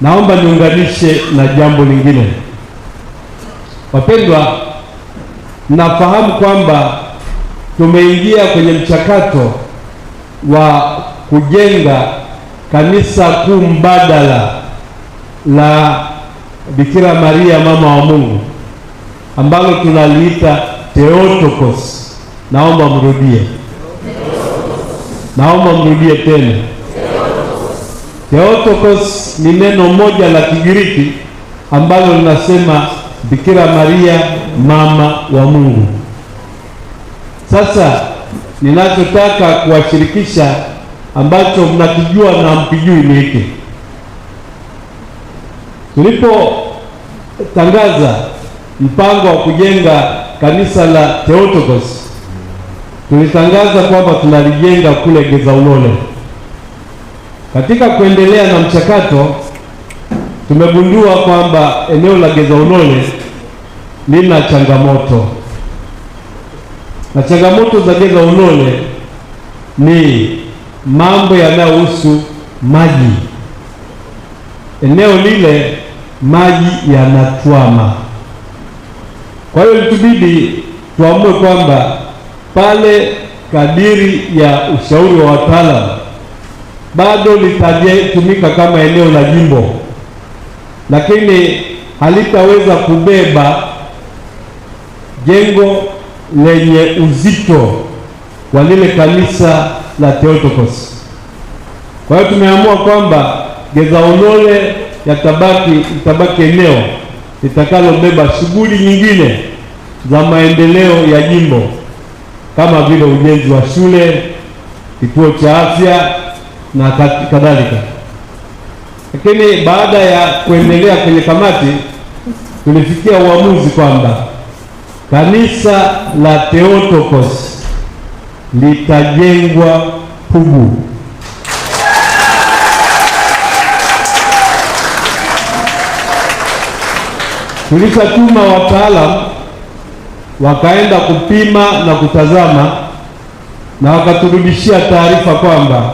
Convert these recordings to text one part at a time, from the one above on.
Naomba niunganishe na jambo lingine. Wapendwa, nafahamu kwamba tumeingia kwenye mchakato wa kujenga kanisa kuu mbadala la Bikira Maria mama wa Mungu ambalo tunaliita Theotokos. Naomba mrudie, naomba mrudie tena. Theotokos ni neno moja la Kigiriki ambalo linasema Bikira Maria mama wa Mungu. Sasa ninachotaka kuwashirikisha ambacho mnakijua na mkijui ni hiki. Tulipotangaza mpango wa kujenga kanisa la Theotokos, tulitangaza kwamba tunalijenga kule Gezaulole. Katika kuendelea na mchakato, tumegundua kwamba eneo la Geza Unole lina changamoto, na changamoto za Geza Unole ni mambo yanayohusu maji. Eneo lile maji yanatwama, kwa hiyo litubidi tuamue kwamba pale kadiri ya ushauri wa wataalamu bado litatumika kama eneo la jimbo, lakini halitaweza kubeba jengo lenye uzito wa lile kanisa la Theotokos. Kwa hiyo tumeamua kwamba Gezaulole yatabaki itabaki eneo litakalobeba shughuli nyingine za maendeleo ya jimbo kama vile ujenzi wa shule, kituo cha afya na kadhalika. Lakini baada ya kuendelea kwenye kamati, tulifikia uamuzi kwamba kanisa la Theotokos litajengwa Pugu. Tulishatuma wataalam wakaenda kupima na kutazama na wakaturudishia taarifa kwamba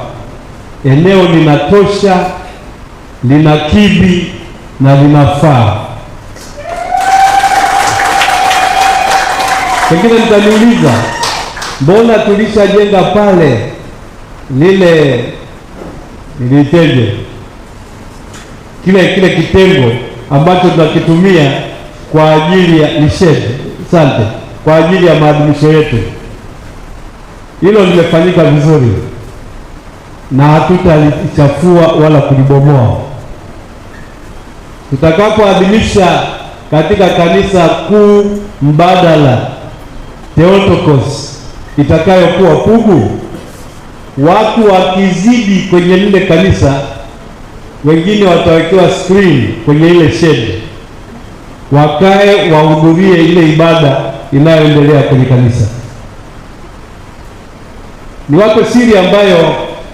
eneo linatosha, linakidhi na linafaa. Pengine mtaniuliza mbona tulishajenga pale lile niliteje, kile kile kitengo ambacho tunakitumia kwa ajili ya nishete, sante, kwa ajili ya maadhimisho yetu. Hilo limefanyika vizuri na hatutalichafua wala kulibomoa. Tutakapoadhimisha katika kanisa kuu mbadala Theotokos itakayokuwa Pugu, watu wakizidi kwenye lile kanisa, wengine watawekewa screen kwenye ile shede wakae wahudhurie ile ibada inayoendelea kwenye kanisa. Ni wako siri ambayo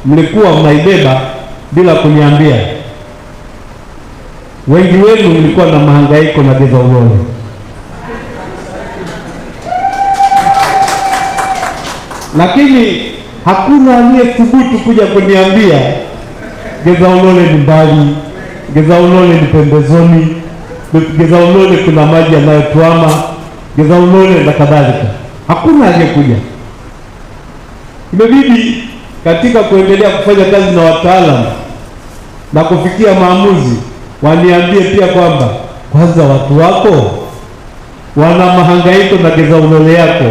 mlikuwa mnaibeba bila kuniambia. Wengi wenu mlikuwa na mahangaiko na giza ugoni. Lakini hakuna aliyethubutu kuja kuniambia geza ulole ni mbali, geza ulole ni pembezoni, geza ulole kuna maji yanayotuama, geza ulole na kadhalika. Hakuna aliyekuja, imebidi katika kuendelea kufanya kazi na wataalamu na kufikia maamuzi, waniambie pia kwamba kwanza watu wako wana mahangaiko na geza ulole yako.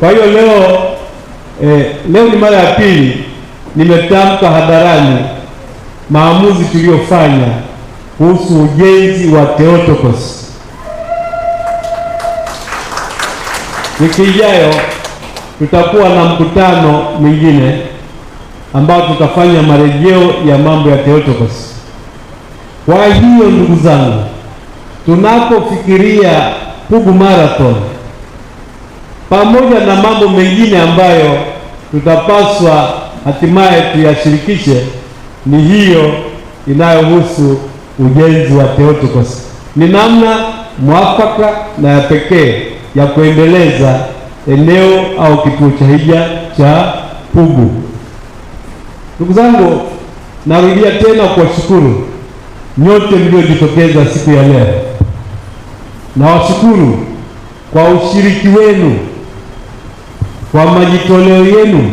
Kwa hiyo leo eh, leo ni mara ya pili nimetamka hadharani maamuzi tuliyofanya kuhusu ujenzi wa Theotokos. Wiki ijayo tutakuwa na mkutano mwingine ambao tutafanya marejeo ya mambo ya Theotokos. Kwa hiyo ndugu zangu, tunapofikiria Pugu Marathon pamoja na mambo mengine ambayo tutapaswa hatimaye tuyashirikishe, ni hiyo inayohusu ujenzi wa Theotokos. Ni namna mwafaka na ya pekee ya kuendeleza eneo au kituo cha hija cha Pugu. Ndugu zangu, narudia tena kuwashukuru nyote mliojitokeza siku ya leo. Nawashukuru kwa ushiriki wenu, kwa majitoleo yenu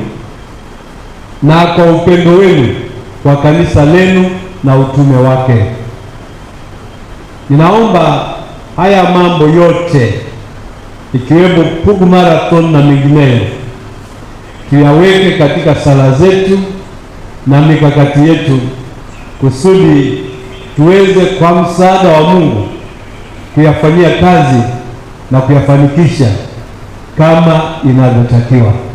na kwa upendo wenu kwa kanisa lenu na utume wake. Ninaomba haya mambo yote ikiwemo Pugu Marathon na mengineyo, tuyaweke katika sala zetu na mikakati yetu kusudi tuweze kwa msaada wa Mungu kuyafanyia kazi na kuyafanikisha kama inavyotakiwa.